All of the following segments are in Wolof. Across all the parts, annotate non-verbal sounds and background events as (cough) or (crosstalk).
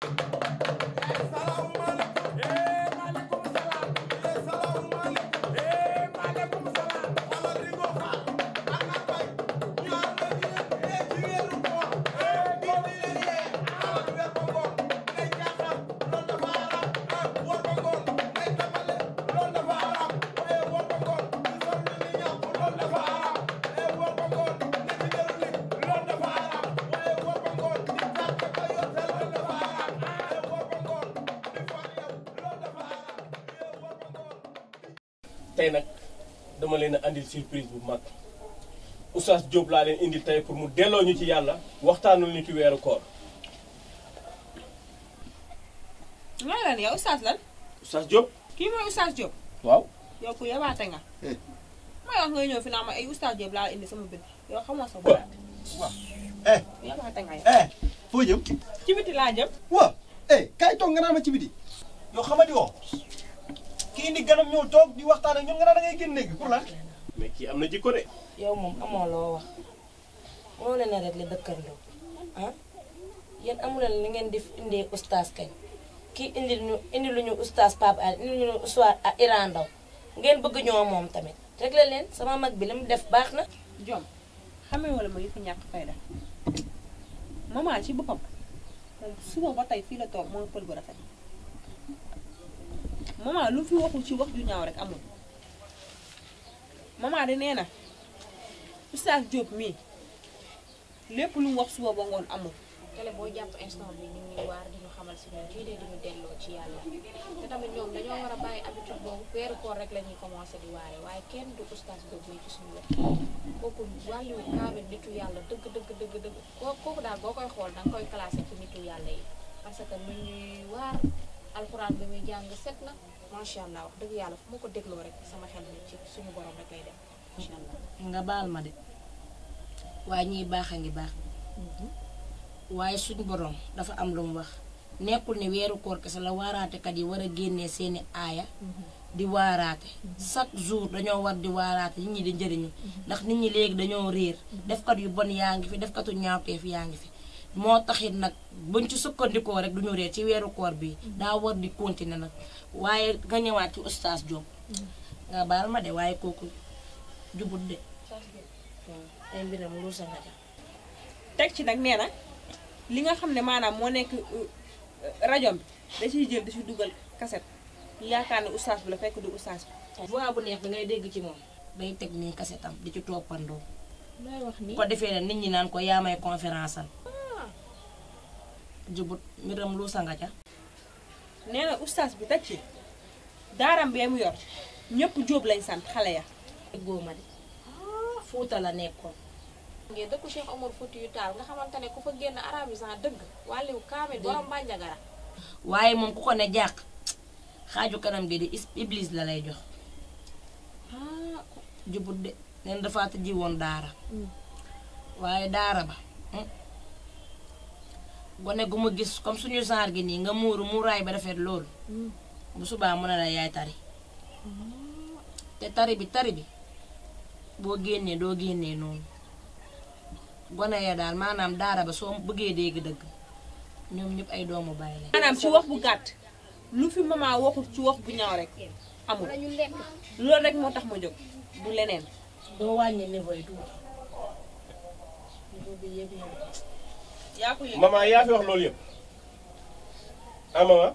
Thank you tay nak dama leen andil surprise bu mag Oustaz job la leen indi tay pour mu delo ñu ci yalla waxtaanul ni ci wéru koor. ngay lan yow Oustaz lan. Oustaz job ki mo Oustaz job waw yow ku yabaté nga. Eh. ma wax nga ñëw fi na ma ay Oustaz job la indi sama bët yow xamoo sa bopp. eh. yabaate nga eh jëm. ci biti jëm. eh kaay toog nga naa ma ci biti. yow kii indi ganam ñëw toog di waxtaan ak ñun nga naan da ngay génn néeg pour lan. mais kii am na jikko de. yow moom amoo loo wax moo na a réglé dëkkandoo ah yéen amu leen li ngeen def indee oustaz kañ kii indi lu ñu indi lu indi lu ñu oustaz Iran Ndaw ngeen bëgg ñoo moom tamit réglé leen sama mag bi li mu def baax na. jom xamee wala ma yëfu ñàkk fayda maman ci boppam si suba ba tey fii la toog mooy pël bu rafet. maman lu fi waxul ci wax ju ñaaw rek amul maman de nee na oustaz Diop mii lépp lu mu wax suba ba ngoon amul. tele boo jàpp instant bi ñu ngi waar di ñu xamal si ñun kii de di ñu delloo ci yàlla te tamit ñoom dañoo war a bàyyi habitude boobu weeru koor rek la ñuy commencé di waare waaye kenn du oustaz boobu ci suñu wet kooku wàllu kaamil nitu yàlla dëgg dëgg dëgg dëgg kooku daal boo koy xool danga koy classé ci nitu yàlla yi parce que mu ñuy waar alquran bi muy jang set na sha allah wax deug yalla fu moko deglo rek sama xel ni ci suñu borom rek lay dem macha allah nga baal ma de baax baax mhm. suñu borom dafa am lu mu wax nekkul ne wéru koor kese la kat yi wara génné seeni aya mhm. di warate mhm. chaque jour dañoo war di warate nit ñi di jëriñu ndax nit ñi léegi dañoo def kat yu bon yaangi fi def defkatu ñaawte fi yaangi fi moo taxit nag buñ ci sukkandikoo rek du ñu ree ci weeru koor bi daa war di continuer nag waaye nga ñëwaat ci oustaz Diop nga baal ma de waaye kooku jubut de ay mbiram teg ci nag nee na li nga xam ne maanaam moo nekk euh, rajo bi da ciy jël da ciy dugal kaset yaakaar ne oustaz bi la fekk du oustaz bi voix bu neex bi ngay dégg ci moom day teg nii kasetam di ci toppandoo lay wax ko defee ne nit ñi naan ko yaa may conférence al jubut mbiram luusa nga ca nee na ustaas bi teg ci daaram bee mu yor ñëpp jóob lañ sant xale ya góoma di fuuta la nekkoon ngee dëkku Cheikh nga xamante ne ku fa génn arabisant dëgg wàlliw kaamil borom bànjagara waaye moom ku ko ne jàq xaaju kanam gi di iblis la lay jox ah, jubut de neen dafa tëji woon daara mm. waaye daara ba mm, gone gu ma gis comme suñu genre gi nii nga muuru muuraay ba rafet loolu mm. bu subaa mën a la yaay tari mm. te tari bi tari bi boo génnee doo génnee noonu gone ya daal maanaam daara ba soo bëggee dégg dëgg ñoom ñëpp ay doomu bàyyi la maanaam ci wax bu gàtt lu fi maa waxul ci wax bu ñaaw rek amul loolu rek moo tax ma jóg du leneen doo wàññi niveau yi tuuti maman yaa fi wax loolu yëpp ah maman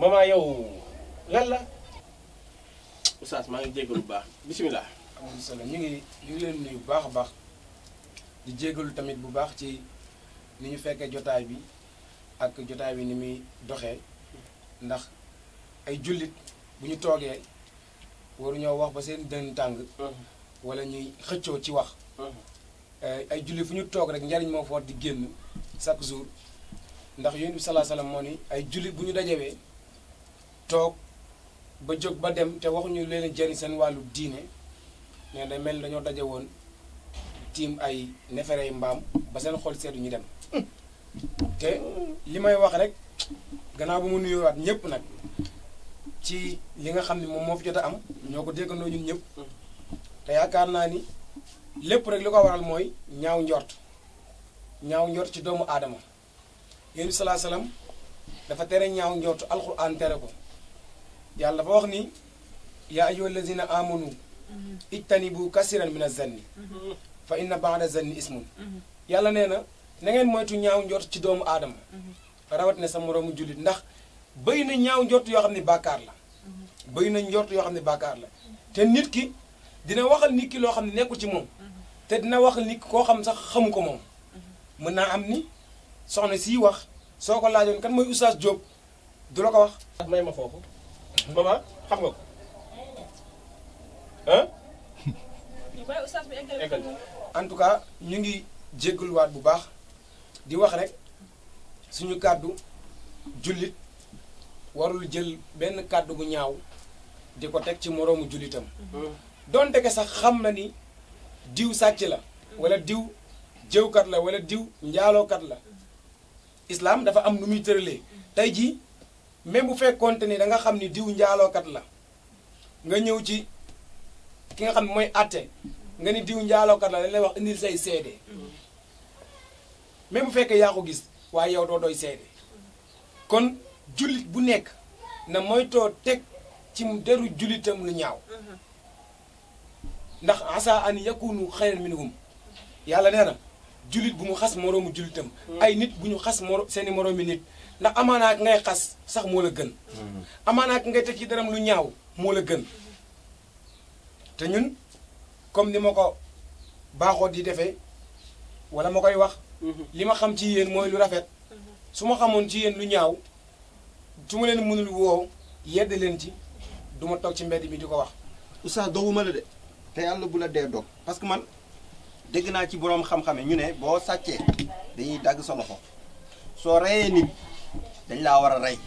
maman yow lan la. Oustaz maa ngi jégalu bu baax bisimilah. alaykum salaam ñu ngi ñu ngi leen nuyu bu baax a baax di jégalu tamit bu baax ci ni ñu fekkee jotaay bi ak jotaay bi ni muy doxee ndax ay jullit bu ñu toogee waruñoo wax ba seen dën tàng. Mm-hmm. wala ñuy xëccoo ci wax uh-huh. eh, ay julli fu ñu toog rek njariñ moo foot di génn chaque jour ndax yonent bi salaa moo ni ay julli bu ñu dajawee toog ba jóg ba dem te waxuñu leen jëriñ seen wàllu diine ne day mel dañoo daje woon tiim ay neefere mbaam ba seen xol seetu ñu dem te li may wax rek gannaaw bu mu waat ñëpp nag ci li nga xam ni moom moo fi jot a am ñoo ko déggandoo ñun ñëpp uh-huh. te yaakaar naa ni lépp rek li ko waral mooy ñaaw njort ñaaw njort ci doomu aadama yéen bi salaa salaam dafa tere ñaaw njort alxuraan tere ko yàlla dafa wax ni yaa ayyuha allazina amanu ijtanibu kasiran min azanni fa inna baada zanni ismun yàlla nee na na ngeen moytu ñaaw njort ci doomu aadama rawat ne sa moroomu jullit ndax bëy na ñaaw njort yoo xam ne bàkkaar la bëy na njort yoo xam ne bàkkaar la te nit ki dina waxal nit kii loo xam ne nekkul ci moom mm-hmm. te dina wax nit ki koo xam sax xamu ko moom mm-hmm. mën naa am ni soxna siy wax soo ko laajoon kan mooy oustaz Diop du la ko wax may ma foofu maman xam nga ko ah (laughs) en tout cas ñu ngi jéggulwaat bu baax di wax rek suñu kàddu jullit warul jël benn kàddu gu ñaaw di ko teg ci moroomu jullitam mm-hmm. donte ke sax xam na ni diw sàcc la wala diw jëwkat la wala diw njaalookat la islaam dafa am nu muy tëralee tey jii même bu fekkoonte ni da nga xam ni diw njaalookat la nga ñëw ci ki nga xam mooy àtte nga ni diw njaalookat la dañ lay wax indil say seede même bu fekkee yaa ko gis waaye yow doo doy seede kon jullit bu nekk na moytoo teg ci deru jullitam lu ñaaw mhm. ndax asa an yakunu xayran minhum yàlla nee na julit bu mu xas moroomu julitam hmm. ay nit bu ñu xas moro seen i moroomi nit ndax amaanaak ngay xas sax moo la gën hmm. amaanaak ngay teg ci daram lu ñaaw moo la gën te ñun comme ni ma ko baaxoo di defee wala moo koy wax hmm. li ma xam ci yéen mooy lu rafet su ma xamoon ci yéen lu ñaaw su ma leen mënul woo yedd leen ci du ma toog ci mbedd mi di ko wax oustaz doguma la de te yàlla bu la dee dog parce que man dégg naa ci boroom xam-xame ñu ne boo sàccee dañuy dagg sa loxo soo reyee nit dañ laa war a rey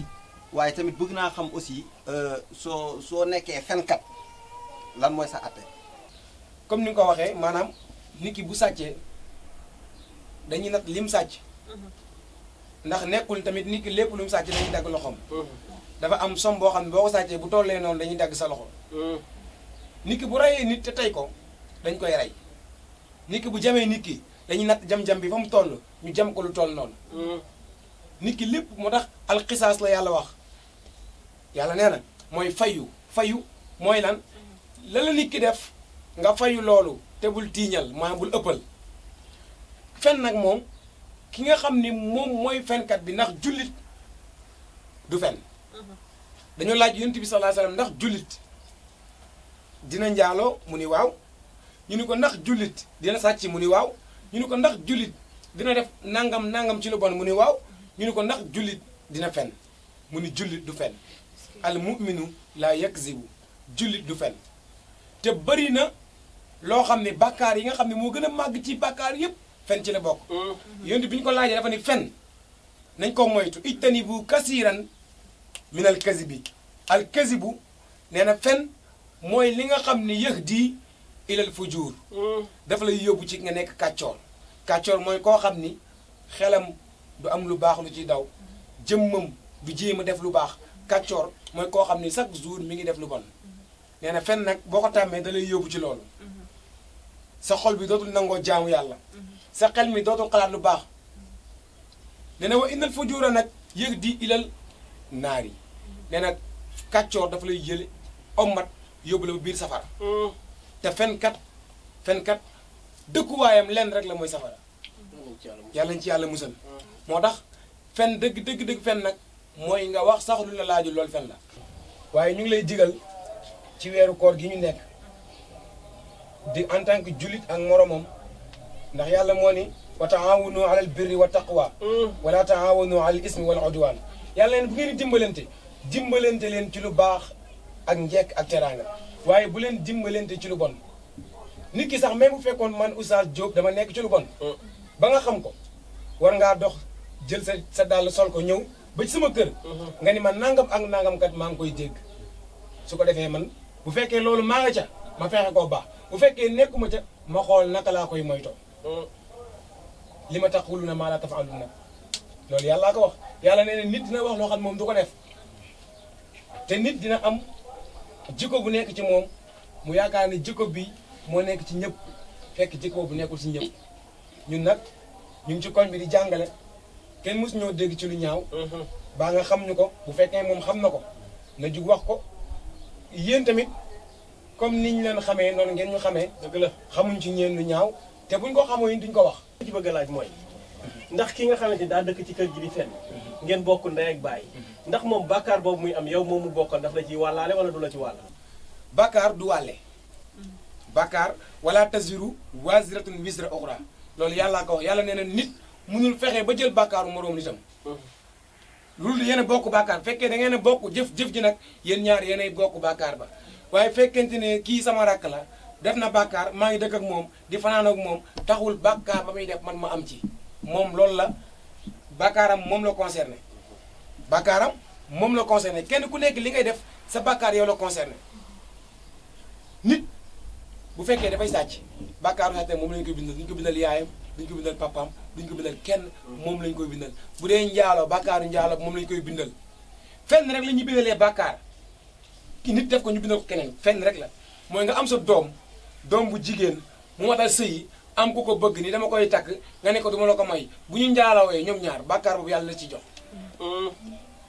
waaye tamit bëgg naa xam aussi euh, soo soo nekkee fenkat lan mooy sa àtte comme ni ko waxee maanaam nit ki bu sàccee dañuy nag lim sàcc mhm. ndax nekkul tamit nit ki lépp lu mu sàcc dañuy dagg loxoom mhm. dafa am som boo xam ne boo ko sàccee bu tollee noonu dañuy dagg sa loxo mhm. nikki bu reyee nit te tey ko dañ koy rey nit bu jamee nit ki dañuy natt jam-jam bi fa mu toll ñu jam ko lu toll noonu. Mm. nit ki lépp moo tax alxisaas la yàlla wax yàlla nee na mooy fayu fayu mooy lan la la nit def nga fayu loolu te bul tiiñal maanaam bul ëppal fen nag moom ki nga xam ni moom mooy fenkat bi ndax jullit du fen mm-hmm. dañoo laaj yonent bi sallallahu alayhi ndax jullit dina njaaloo mu ni waaw ñu ni ko ndax jullit dina sàcc mu ni waaw ñu ni ko ndax jullit dina def nangam nangam ci lu bon mu ni waaw ñu ni ko ndax jullit dina fen mu ni jullit du fen al muminu laa yakzibu jullit du fen te bëri na loo xam ne bàkkaar yi nga xam ne moo gën a màgg ci bàkkaar yépp fen ci la bokk mm-hmm. yonent bi ñu ko laajee dafa fen nañ ko moytu ijtanibu kasiiran min al kazibi al kazibu nee na fen mooy li nga xam ni yëx di ilal fujur hmm. dafa lay yóbbu ci nga nekk kàccoor kàccoor mooy koo xam ni xelam du am lu baax lu ci daw jëmmam bu jéem a def lu baax kàccoor mooy koo xam ni chaque jour mi ngi def lu bon nee na fenn nag boo ko tàmmee da lay yóbbu ci loolu hmm. sa xol bi dootul nangoo jaamu yàlla hmm. sa xel mi dootul xalaat lu baax nee na wa indal fujura nag yëg di ilal naar yi nee na kàccoor dafa lay jële ommat yóbbu la ba biir safara mm. te fenkat fenkat dëkkuwaayam lenn rek la mooy safara yàlla ñu ci yàlla musal mm. moo tax fenn dëgg dëgg dëgg fen nag mooy nga wax sax lu la laaju loolu fen la waaye ñu ngi lay digal ci weeru koor gi ñu nekk di en tant que jullit ak moromam ndax yàlla moo ni wa taawanu alal birri wa taqwa mm. wala taawanu alal ismi wal udwan yàlla leen bu ngeen di dimbalante dimbalante leen ci lu baax ak njekk ak teraanga waaye bu leen dimbalante ci lu nit ki sax même bu fekkoon man Oustaz Diop dama nekk ci bon mm. ba nga xam ko war ngaa dox jël sa sa dàll sol ko ñëw ba ci sama kër mm-hmm. nga ni ma nangam ak nangam kat maa ngi koy dégg su ko defee man bu fekkee loolu maa nga ca ma fexe koo baax bu fekkee ma ca ma xool naka laa koy moytoo mm. li ma taquluna maa laa na loolu yàllaa ko wax yàlla nee na nit dina wax loo xam moom du ko def te nit dina am jikko bu nekk ci moom mu yaakaar ne jikko bi moo nekk ci ñëpp fekk jikko bu nekkul ci ñëpp ñun nag ñu ngi ci koñ bi di jàngale kenn mës ñoo dégg ci lu ñaaw mhm. baa nga xam ñu ko bu fekkee moom xam na ko na jug wax ko yéen tamit comme niñ leen xamee noonu ngeen ñu xamee dëgg la xamuñ ci ñeen lu ñaaw te buñ ko xamoo yi duñ ko wax ci bëgg laaj mooy ndax ki nga xamante ni daa dëkk ci kër gi di fenn ngeen bokk ndey ak baay ndax moom bàkkaar boobu muy am yow moom mu bokkoon daf la ciy wàllaale wala du la ci wàlla bàkkaar du wàlle bàkkaar wala taziru waziratun wisra uxra loolu yàllaa ko yàlla nee na nit mënul fexe ba jël bàkkaaru moroom nitam loolu yéen a bokk bàkkaar fekkee da ngeen a bokk jëf jëf ji nag yéen ñaar yéen ay bokk bàkkaar ba waaye fekkente ne kii sama rakk la def na bàkkaar maa ngi dëkk ak moom di fanaan ak moom taxul bàkkaar ba muy def man ma am ci mom loolu la bakaram mom la concerné bakaram mom la concerné kenn ku nekk li ngay def sa bàkkaar yow la concerné nit bu fekkee dafay sàcc bakaru sàcc mom lañ koy bindal duñ ko bindal yaayam duñ ko bindal papam duñ ko bindal kenn mom lañ koy bindal bu dee njaalo bàkkaaru njaalo moom lañ koy bindal fenn rek la ñuy bindalee bàkkaar ki nit def ko ñu bindal ko keneen fenn rek la mooy nga am sa doom doom bu jigéen mu matal sëyi am ku ko bëgg ni dama koy tak nga ne ko duma la ko may bu ñu njaalawee ñoom ñaar bakkar boobu yalla ci jox mm.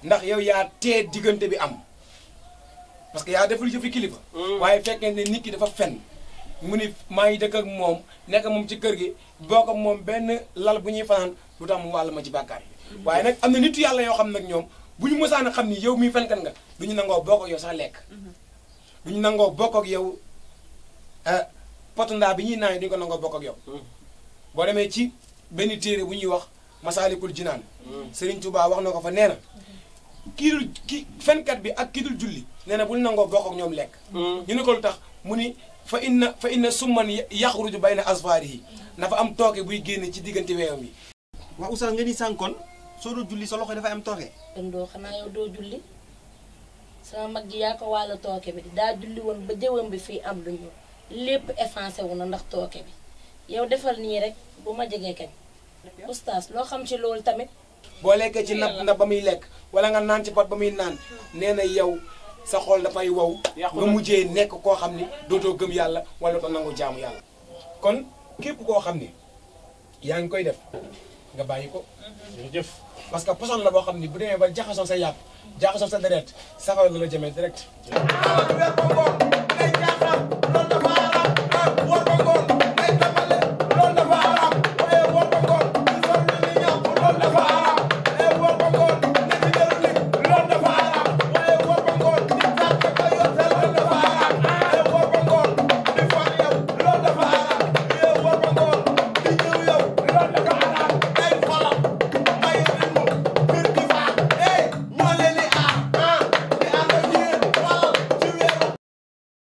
ndax yow ya té digënté bi am parce que ya deful jëf kilifa mm. waye fekkee ni nit ki dafa fen muni ma ngi dëkk ak mom nek mom ci kër gi boko mom ben lal bu ñuy fanaan lu tax ma ci bakkar waye nak amna am na nitu yàlla yoo xam nak ñom bu ñu xam ni yow mii fenkan nga du ñu nango bokk yow sax lek mm-hmm. du ñu ak yow eh, potu ndaa bi ñuy naan duñ ko nangoo bokk ak yow hmm. boo demee ci benn téere bu ñuy wax masaalikul jinaan hmm. seriñ Touba wax na ko fa nee na kii dul ki fenkat bi ak kii dul julli nee na bul nangoo bokk ak ñoom lekk hmm. ñu ne ko lu tax mu ni fa inna fa inna summan yaxruju bayna asfaarihi dafa am tooke buy génne ci diggante weewam yi wax oustaz nga ni sànkoon soo doo julli sa loxo dafay am tooke doo xanaa yow doo julli sama mag ji yaa ko wàll tooke bi daa julli woon ba jëwam bi fii lépp effacé na ndax tooke bi yow defal nii rek bu ma jegee kañ oustaz loo xam ci loolu tamit boo lekkee ci nab na ba muy lekk wala nga naan ci pot ba muy naan nee na yow sa xool dafay wow nga mujjee nekk koo xam ni dootoo gëm yàlla walla ko nangu jaamu yàlla kon képp koo xam ni yaa ngi koy def nga bàyyi ko jëf parce que poson la boo xam ni bu demee ba jaxasoo sa yàpp jaxasoo sa deret safara la la jëmee direct